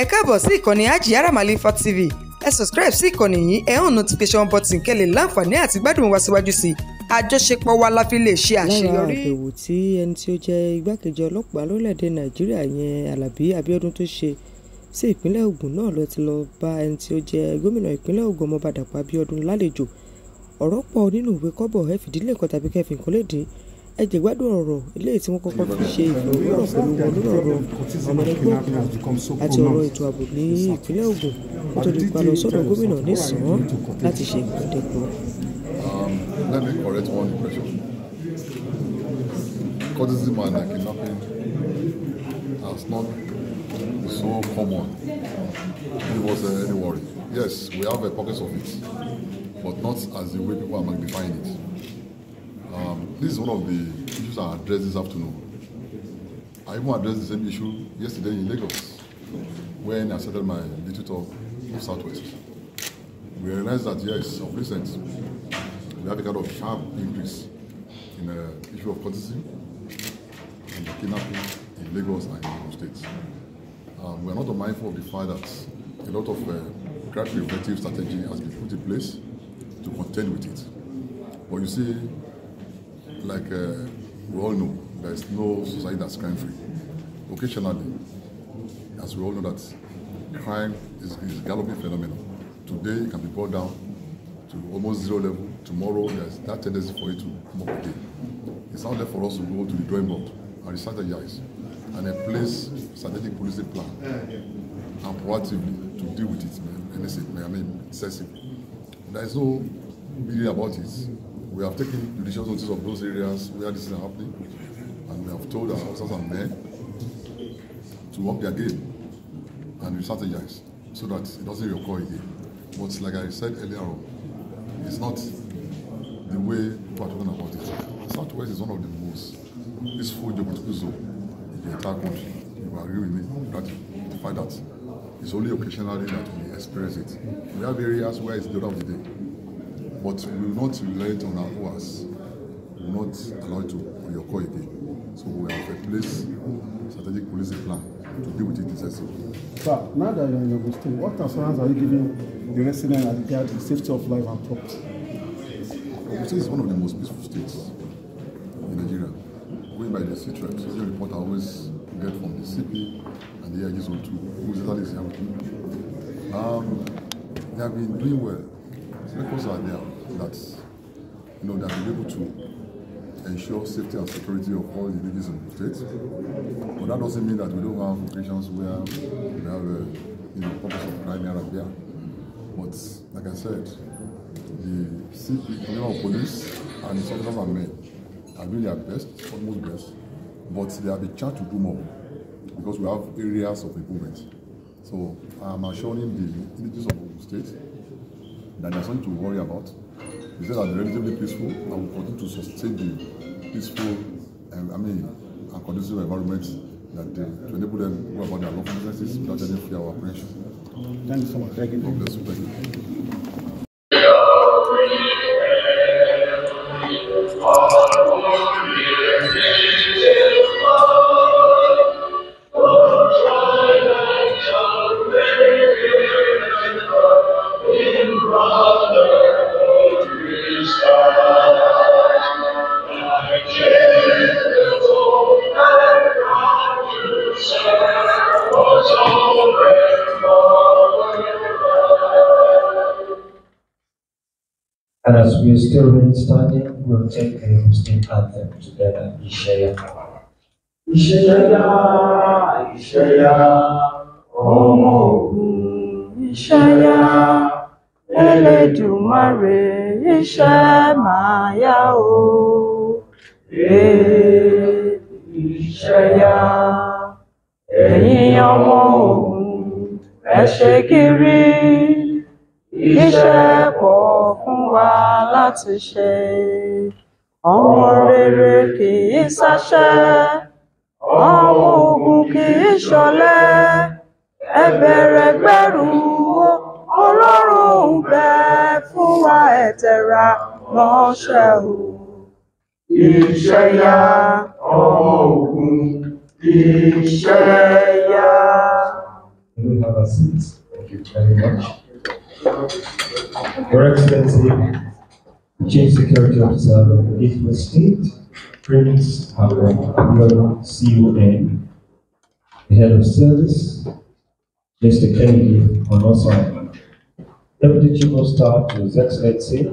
ẹ káàbọ̀ sí ìkànnì Hajiyara Maliifar TV ẹ subscribe sí ìkànnì yìí ẹ hàn notification button kẹ́ lè láǹfààní àti gbádùn wa síwájú sí i àjọṣepọ̀ wa la fi lè ṣe àṣeyọrí. lára àbẹ̀wò tí ẹni tí ó jẹ́ igbákejì ọlọ́pàá lórílẹ̀‐èdè nàìjíríà yẹn alábí abíọ́dún tó ṣe sí ìpínlẹ̀ ògùn náà ló ti lọ bá ẹni tí ó jẹ́ gómìnà ìpínlẹ̀ ògùn ọmọọba dàpọ̀ lálejò ọ̀rọ̀ pọ̀ nínú ìwé kọ́bọ̀ ẹ fìdílé nǹkan tàbí kẹfì nǹkan lè dín ẹ jẹ́ gbádùn ọ̀rọ̀ eléyìí tí wọ́n kọ́kọ́ fi ṣe ìfọwọ́rọ̀ pẹ̀lú wọn lórí ọ̀rọ̀ ọmọ ẹgbẹ́ òkùnkùn àti ọ̀rọ̀ ètò ààbò ní ìpínlẹ̀ Ògùn kó tó di pa lọ gómìnà nísàn láti ṣe ìpàdépọ̀. Um, let me correct one impression. Courtesy manner kidnapping has not been so common. It was uh, any worry. Yes, we have a pocket of it, but not as the way people are magnifying it this is one of the issues I addressed this afternoon. I even addressed the same issue yesterday in Lagos when I settled my little talk of Southwest. We realized that, yes, of recent, we have a kind of sharp increase in the issue of courtesy and the kidnapping in Lagos and in the states. Um, we are not mindful of the fact that a lot of uh, crack preventive strategy has been put in place to contend with it. But you see, like uh, we all know, there is no society that's crime free. Occasionally, as we all know that crime is, is a galloping phenomenon. Today it can be brought down to almost zero level. Tomorrow there's that tendency for it to come up again. It's now there for us to go to the drawing board and re-strategize and a place strategic policy plan and proactively to deal with it, man, I mean, excessively. There is no really about it. We have taken judicial notice of those areas where this is happening, and we have told our officers and men to work their game and strategize so that it doesn't reoccur again. But like I said earlier on, it's not the way people are talking about it. Southwest is one of the most peaceful geopolitical zone in the entire country. You agree with me that you find that it's only occasionally that we experience it. We have areas where it's the order of the day. but we will not rely on our hours. We will not allow it to on your call again. So we have a place, strategic policy plan to deal with it decisively. Sir, now that you're in Ogun State, what assurance are you giving the residents as the safety of life and property? Ogun is one of the most peaceful states in Nigeria. Going by the CTRAP, The report I always get from the CP and the AIGs on two, who is the um, They have been doing well. Il uh, y a des références qui permettent d'assurer la sécurité et la sécurité de tous les individus de l'État, Mais cela ne veut pas dire que nous n'avons pas des locations où nous avons des problèmes de crime. Mais, comme je l'ai dit, la communauté police, et les hommes, sont vraiment les meilleurs. Mais ils ont la chance de faire plus. Parce que nous avons des endroits de développement. Donc, je m'assure que les individus de l'État that there's something to worry about. He said that relatively peaceful and will continue to sustain the peaceful, um, I mean, and conducive environment that they, to enable them to go about their lawful businesses without any fear or apprehension. Thank you so much. Thank you. God bless you. Thank you. understanding, rotate and Christian anthem together. Ishaya. Ishaya, Ishaya, ọmọ ogun, Ishaya, Elédùmarè, iṣẹ́ Ishaya. yá o. Ee, Ishaya, ẹ̀yin ọmọ ogun, kiri. iṣẹ́ pọ̀ fún wa láti ṣe. Ọmọ rere kì í ṣaṣẹ́, ọmọ ogun kì í ṣọ̀lẹ. Ẹ bẹ̀rẹ̀ gbẹ́rù Ọlọ́run ń bẹ fún wa ẹ tẹra o. Iṣẹ́ yá ọmọ ogun, iṣẹ́ yá. Thank you very much. Your Excellency, Chief Security Officer of the State, Prince Abdul CUN, the Head of Service, Mr. Kennedy on our side, Deputy Chief of Staff to His Excellency,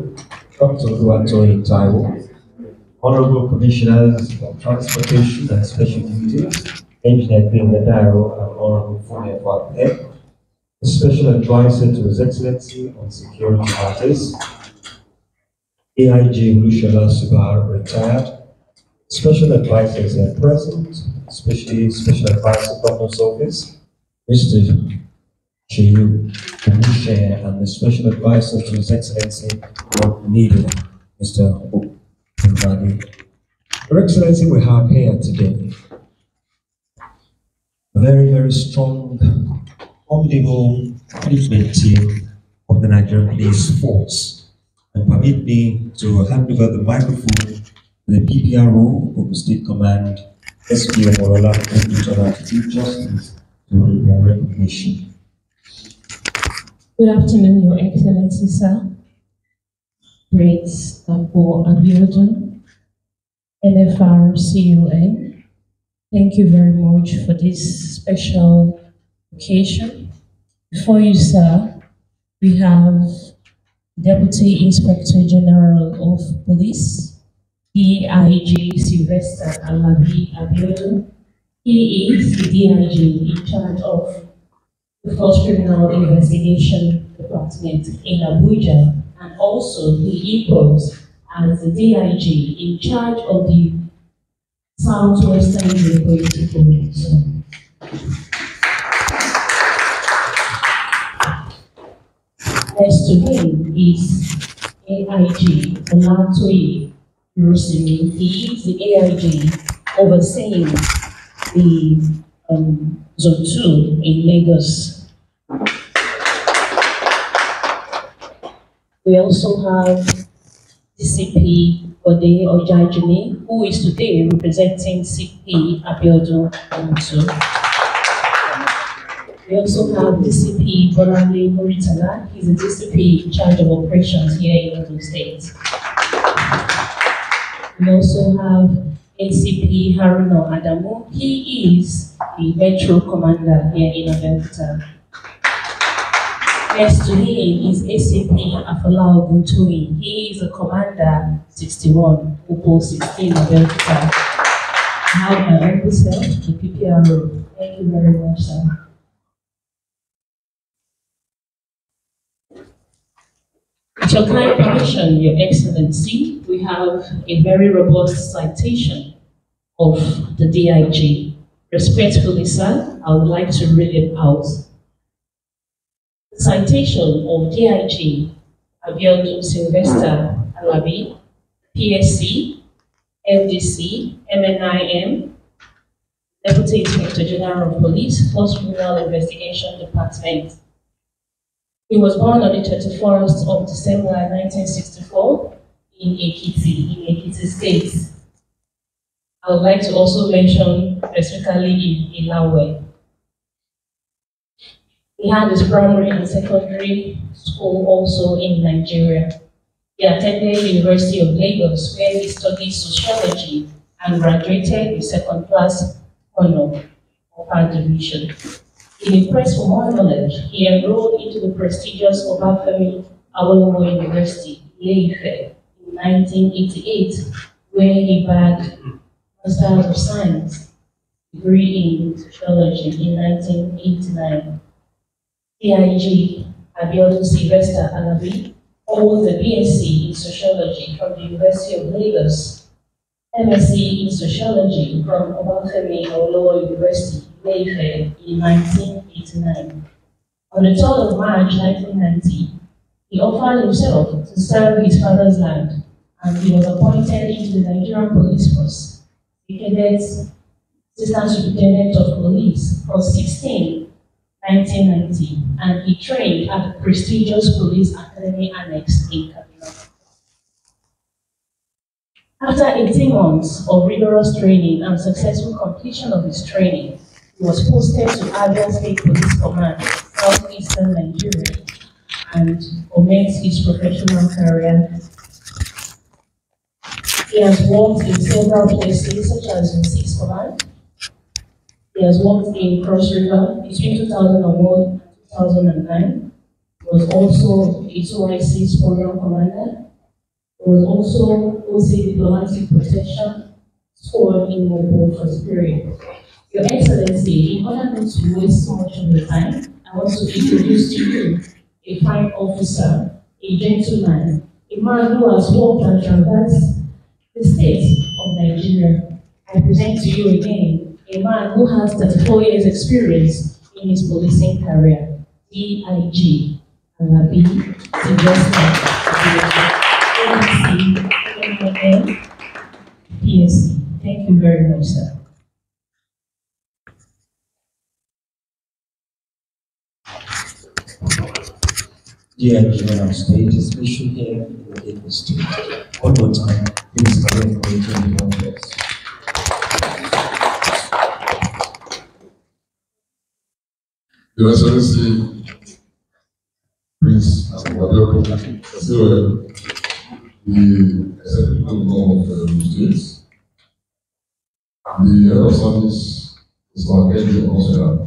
Dr. Duatoyi Taiwo, Honorable Commissioners of Transportation and Special Duties, Engineer Bill Medaro and Honorable Funia Fateh, Special Advisor to His Excellency on Security Matters, AIG Lushala Subar, retired. Special Advisors are present, especially Special Advisor Governor's Office, Mr. Chiyu Kanishe, and the Special Advisor to His Excellency, Lord Needle, Mr. Mbadi. Your Excellency, we have here today a very, very strong formidable commitment team of the Nigerian Police Force. And permit me to hand over the microphone to the PPRO of the State Command, SPO Morola, and Restorative Justice to their recognition. Good afternoon, Your Excellency, sir. Great Tambo uh, Abiodun, NFR CUA. Thank you very much for this special occasion before you, sir, we have Deputy Inspector General of Police, DIG Sylvester Alabi Abiodun. He is the DIG in charge of the Force Criminal Investigation Department in Abuja, and also he equals as the DIG in charge of the Southwestern Police Zone. text today is AIG Olatui Rusimi. He is the AIG overseeing the um, Zone 2 in Lagos. We also have DCP Ode Ojajini, who is today representing CP Abiodun 2. We also have CP, Bolanle Moritala. He's a DCP in charge of operations here in Ogun State. We also have NCP Haruno Adamu. He is the Metro Commander here in Abeokuta. Next to him is ACP Afalao Guntui. He is a Commander 61, Upo 16 Abeokuta. I have my own self, the PPRO. Thank you very much, sir. With your kind permission, Your Excellency, we have a very robust citation of the DIG. Respectfully, sir, I would like to read it out. citation of DIG Abiodun Sylvester Alabi, PSC, FDC, MNIM, Deputy Inspector General of Police, Post Criminal Investigation Department. He was born on the twenty-first of December 1964 in Ekiti, in Ekiti State. I would like to also mention specifically in Ilawe. He had his primary and secondary school also in Nigeria. He attended University of Lagos where he studied sociology and graduated with second class honor our division. In the quest for more knowledge, he enrolled into the prestigious Obafemi Awolowo University, Ileife, in 1988, where he bagged Masters of Science degree in sociology in 1989. CIG Abiodun Sylvester Alabi holds a BSc in sociology from the University of Lagos, MSc in sociology from Obafemi Awolowo University Mayfair in 1989. On the 12th of March 1990, he offered himself to serve his father's land, and he was appointed into the Nigerian Police Force, the cadets, Assistant Superintendent of Police for 16, 1990, and he trained at the prestigious Police Academy Annex in Kaduna. After 18 months of rigorous training and successful completion of his training, he was posted to Abia State Police Command, southeastern Nigeria, and commenced his professional career. He has worked in several places, such as in Six Command. He has worked in Cross River between 2001 and 2009. He was also a 2 program commander. He was also OC Diplomatic Protection Squad in Mobile for Spirit. Your Excellency, in order not to waste so much of your time, I want to introduce to you a fine officer, a gentleman, a man who has worked and traversed the state of Nigeria. I present to you again a man who has 34 years experience in his policing career, DIG, Alabi Sylvester. Thank you very much, sir. dear everyone State, stage, especially here in the Lagos State. One more time, please come in for the 21 years. Your Excellency, Prince Abuadoko, the Executive Governor of the uh, States, the Head of Service, Mr. Kenji Osera,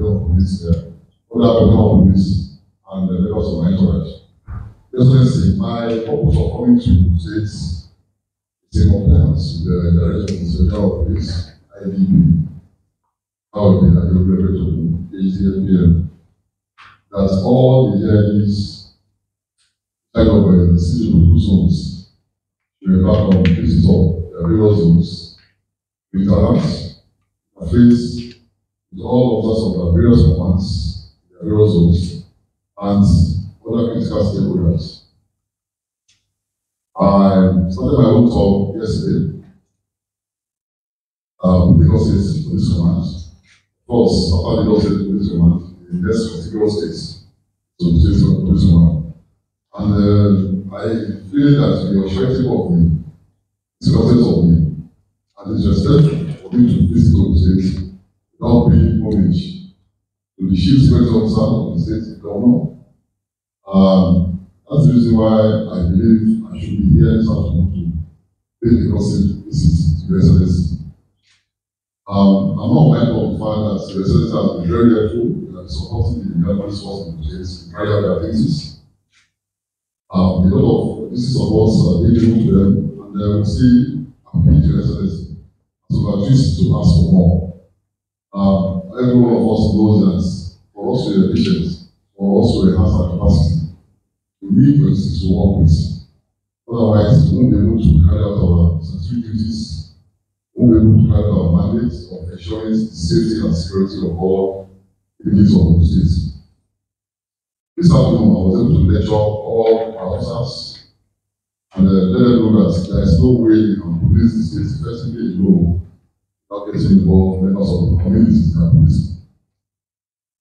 Freedom Police, uh, Ola Freedom Police, and the uh, Lagos of Nigeria. Presidency, my purpose of coming to states the of hands, the Director of the Central Office, IDB, I out to Agricultural HDFPM, That's all the hearings kind of a uh, decision of two zones should refer from this top, the various zones, with alert, face with all of us of our various commands, various zones, and other critical stakeholders. I started my own talk yesterday um, because it's this command. Of course, after the Lord this command, in this particular state so the state of this command. And uh, I feel that the objective of me, the of me, and the respect for me to please go to don't pay homage to the chief security officer of the state governor. Um, that's the reason why I believe I should be here this afternoon to pay the gossip visit to your Um, I'm not mindful of the fact that your excellency has been very helpful in supporting the development force in the place in prior diabetes. Um, a lot of pieces of course, are being given to them and they uh, will see a meet residency. So I used to ask for more. Um, every one of us knows that for us to be efficient, for us to enhance our capacity, we need resources to work with. Otherwise, we won't be able to carry out our statutory duties, we won't be able to carry out our mandate of ensuring the safety and security of all citizens of the state. This afternoon, I was able to lecture all our officers and uh, let them know that there is no way you can police the state effectively alone not get involved members of the community and police.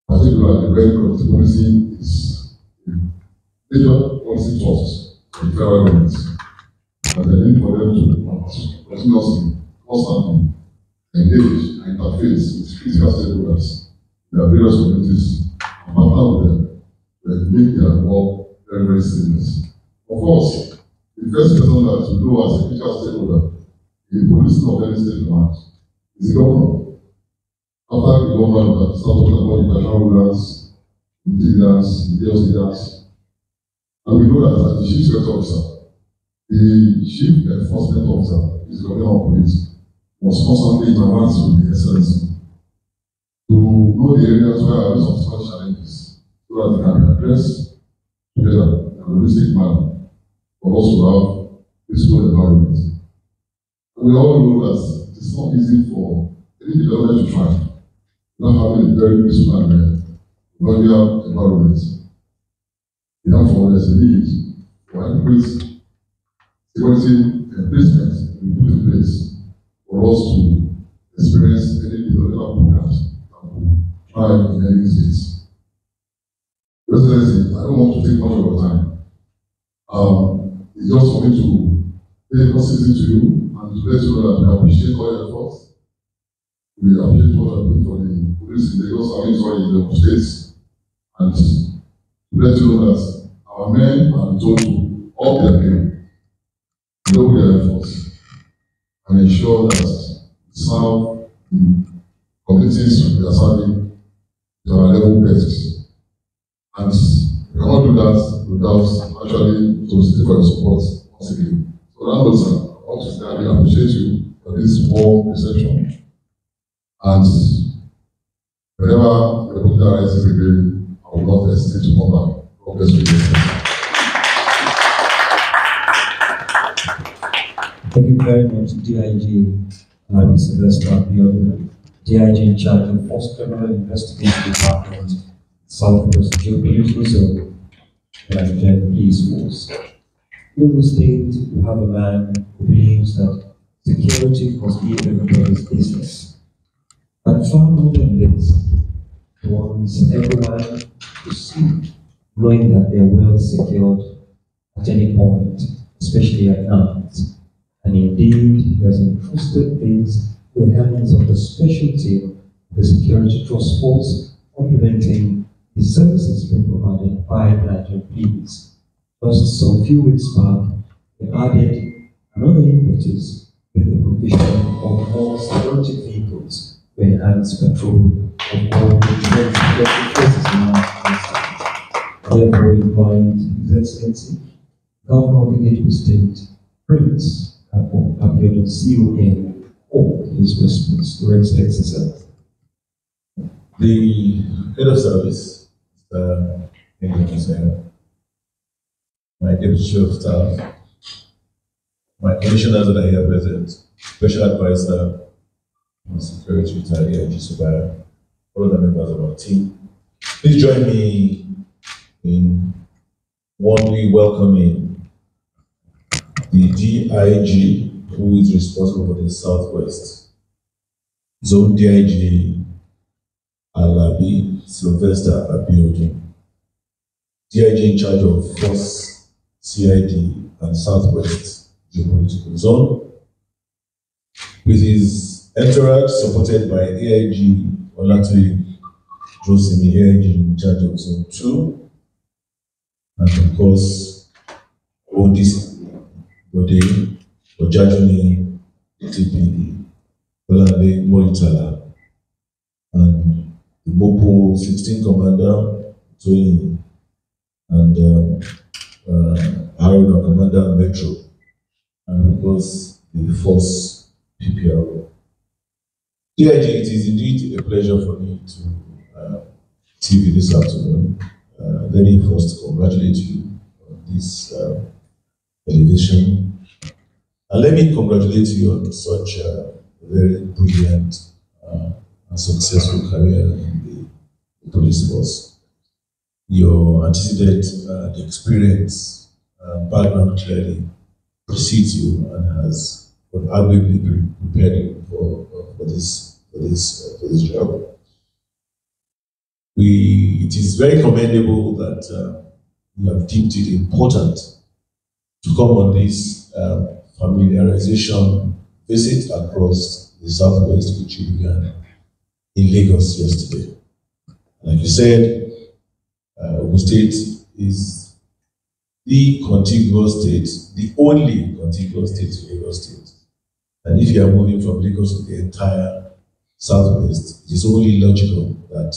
Particularly, the Red Cross policy is a mm, major policy force for the federal government. And the need for them to continuously, constantly engage and interface with physical stakeholders in their various communities and partner with them to make their work very, very seamless. Of course, the first person that you know as a physical stakeholder in policing of any state command Zero. After the government started talking about international rulers, leaders, religious leaders, and we know that the chief security officer, the chief enforcement officer is the governor of police, was constantly in advance with the SLC to know the areas where there are substantial challenges so that they can be addressed together in a holistic manner for us to have peaceful environment. We all know that it's not easy for any developer to try. Not having a very peaceful and familiar environment. Therefore, there's a need for adequate security placement in good place for us to experience any developer programs that will try in any state. Presidency, I don't want to take much of your time. Um, it's just for me to pay a to you And today's program, we appreciate all your efforts. We appreciate all you have for the police in Lagos Army or in the states. And let's know that our men and told to up their game, double their efforts, and ensure that serve the mm, communities we are serving to our level best. And we cannot do that without actually soliciting for your support once again. this warm reception. And whenever the political arises again, I will not hesitate to come back. God bless you. Thank you very much, DIG Larry Sylvester DIG in charge of Force Criminal Investigation Department, Southwest Geopolitical Zone, and Police Force. In the state, you have a man who believes that Security must be everybody's business. But far more than this, wants everyone to see, knowing that they're well secured at any point, especially at night. And indeed, he has entrusted these in the hands of the special team, the Security Trust Force, complementing the services being provided by Nigel police. Just some few weeks back, they added another impetus with the provision of almost 30 vehicles where enhanced control of all the security forces now Therefore, invite His Excellency, Governor of the Gateway State, Prince Abiola CON, or his response to His Excellency. The head of service, uh, my deputy chief of staff, my commissioners that are here present, special advisor on security, Italy, and Jisubara, all the members of our team. Please join me in warmly welcoming the DIG who is responsible for the Southwest. Zone DIG Alabi Sylvester Abiodun. DIG in charge of Force, CID, and Southwest. the political zone. With his entourage supported by AIG Olatoye Josemi, AIG in charge of Zone 2, and of course, Odis Bode, Ojajuni, TPD, e, Olade Moritala, and the Mopo 16 commander, Toyin, and um, uh, Harold, commander Metro. because the first dear Yeah, it is indeed a pleasure for me to uh, TV this afternoon. Uh, let me first congratulate you on this uh, elevation. And let me congratulate you on such a very brilliant uh, and successful career in the police force. Your antecedent, uh, experience, uh, background clearly precedes you and has arguably prepared you for, for this for this uh, for this job. We it is very commendable that uh, you have deemed it important to come on this uh, familiarization visit across the southwest, which you began in Lagos yesterday. Like you said, uh, State is the contiguous state, the only contiguous state to Lagos State. And if you are moving from Lagos to the entire southwest, it is only logical that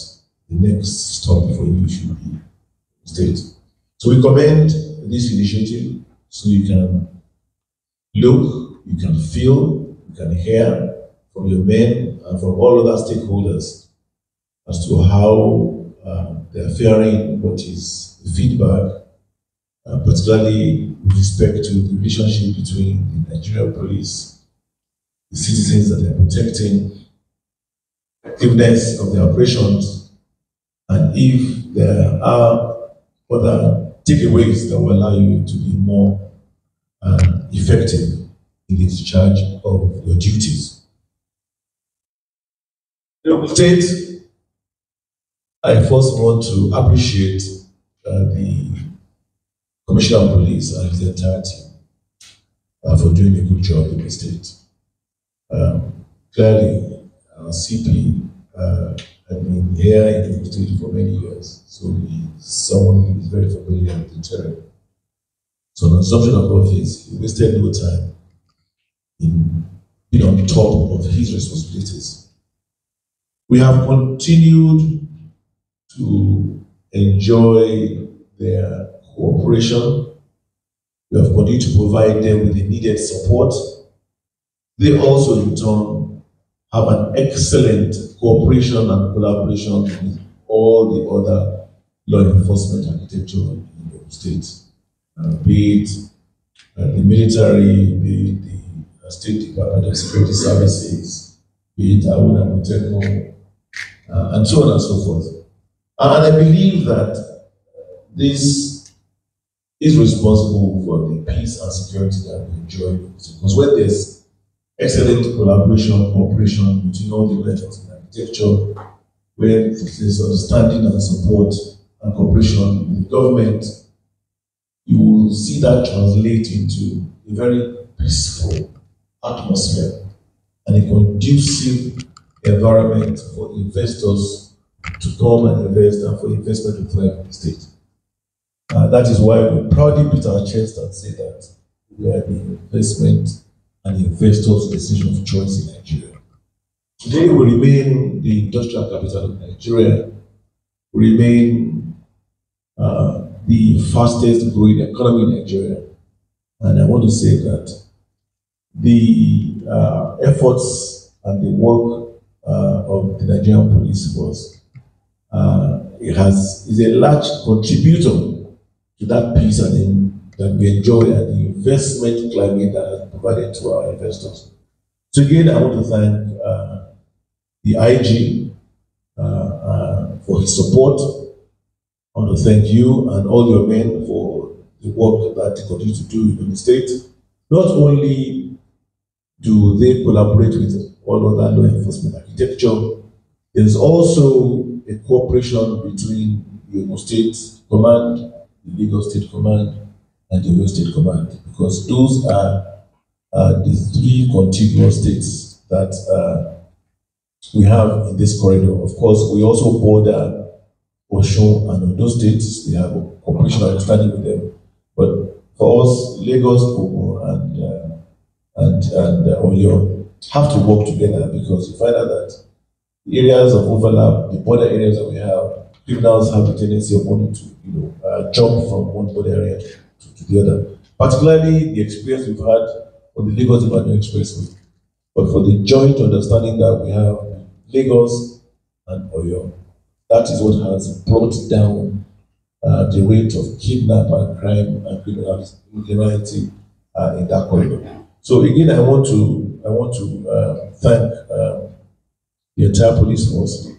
the next stop for you should be state. So we commend this initiative so you can look, you can feel, you can hear from your men and from all other stakeholders as to how um, they are faring, what is the feedback, uh, particularly with respect to the relationship between the Nigerian police, the citizens that they're protecting, effectiveness of the operations, and if there are other takeaways that will allow you to be more uh, effective in the discharge of your duties. Honorable State, I first want to appreciate uh, the Commissioner of Police and his entire team uh, for doing a good job in the state. Um, clearly, our CP uh, had been here in the state for many years, so he's someone who is very familiar with the terrain. So, on assumption of office, he wasted no time in being on top of his responsibilities. We have continued to enjoy their cooperation. We have continued to provide them with the needed support. They also, in turn, have an excellent cooperation and collaboration with all the other law enforcement architecture in the state, uh, be it uh, the military, be it the uh, State Department of Security Services, be it Awuna Muteco, uh, and so on and so forth. And I believe that this is responsible for the peace and security that we enjoy. Because when there's excellent collaboration, cooperation between all the levels in architecture, where there's understanding and support and cooperation with government, you will see that translate into a very peaceful atmosphere and a conducive environment for investors to come and invest and for investment to thrive in the state. Uh, that is why we proudly beat our chest and say that we are the investment and investors' decision of choice in Nigeria. Today, we remain the industrial capital of Nigeria. We remain uh, the fastest growing economy in Nigeria. And I want to say that the uh, efforts and the work uh, of the Nigerian police force uh, it has, is a large contributor to that peace and in, that we enjoy and the investment climate that has provided to our investors. So again, I want to thank uh, the IG uh, uh, for his support. I want to thank you and all your men for the work that you continue to do in the state. Not only do they collaborate with all other law enforcement architecture, there's also a cooperation between the State Command the Lagos State Command, and the Oyo State Command, because those are uh, the three contiguous states that uh, we have in this corridor. Of course, we also border Oshun and Odo states. We have a cooperation understanding with them. But for us, Lagos, Ogo, and uh, and and uh, Oyo have to work together because you find out that the areas of overlap, the border areas that we have, criminals have a tendency of wanting to, you know, uh, jump from one border area to, to, the other. Particularly the experience we've had on the Lagos Ibadan Expressway, but for the joint understanding that we have Lagos and Oyo, that is what has brought down uh, the rate of kidnapping and crime and criminality uh, in that corridor. So again, I want to I want to uh, thank uh, the entire police force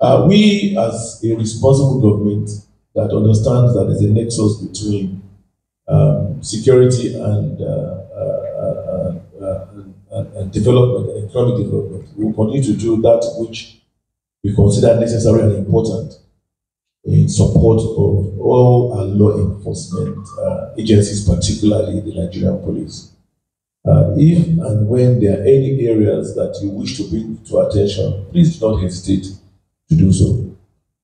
uh, we, as a responsible government that understands that there's a nexus between um, security and, uh, uh, uh, and, and development, and economic development, we will continue to do that which we consider necessary and important in support of all our law enforcement uh, agencies, particularly the Nigerian police. Uh, if and when there are any areas that you wish to bring to attention, please do not hesitate to do so.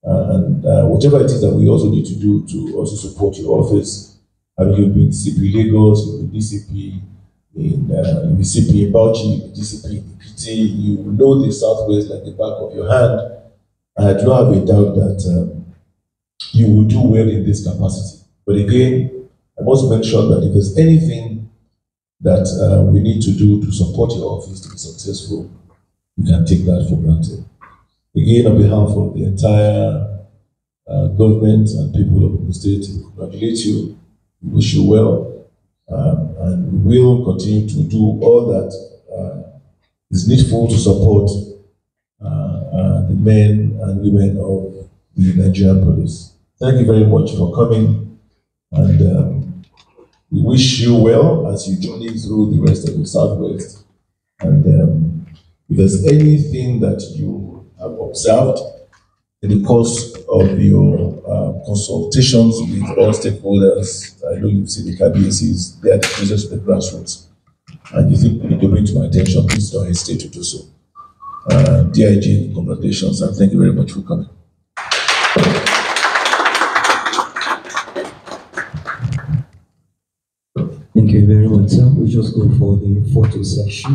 Uh, and uh, whatever it is that we also need to do to also support your office, I you been CP Lagos, you've been DCP in, uh, DCP in Bauchi, DCP in you know the Southwest like the back of your hand. I do not have a doubt that um, you will do well in this capacity. But again, I must sure that if there's anything that uh, we need to do to support your office to be successful, you can take that for granted. Again, on behalf of the entire uh, government and people of the state, we congratulate you, we wish you well, um, and we will continue to do all that uh, is needful to support uh, uh, the men and women of the Nigerian police. Thank you very much for coming, and um, we wish you well as you journey through the rest of the Southwest. And um, if there's anything that you observed in the course of your uh, consultations with all stakeholders, I know you've seen the KBACs, they are the closest of the grassroots. And you think you bring to my attention, please don't hesitate to do so. Uh, DIG, congratulations, and thank you very much for coming. Thank you very much, sir. We just go for the photo session.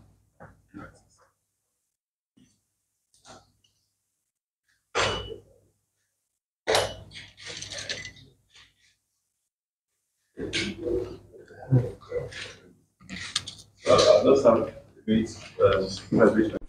degrees, uh, um,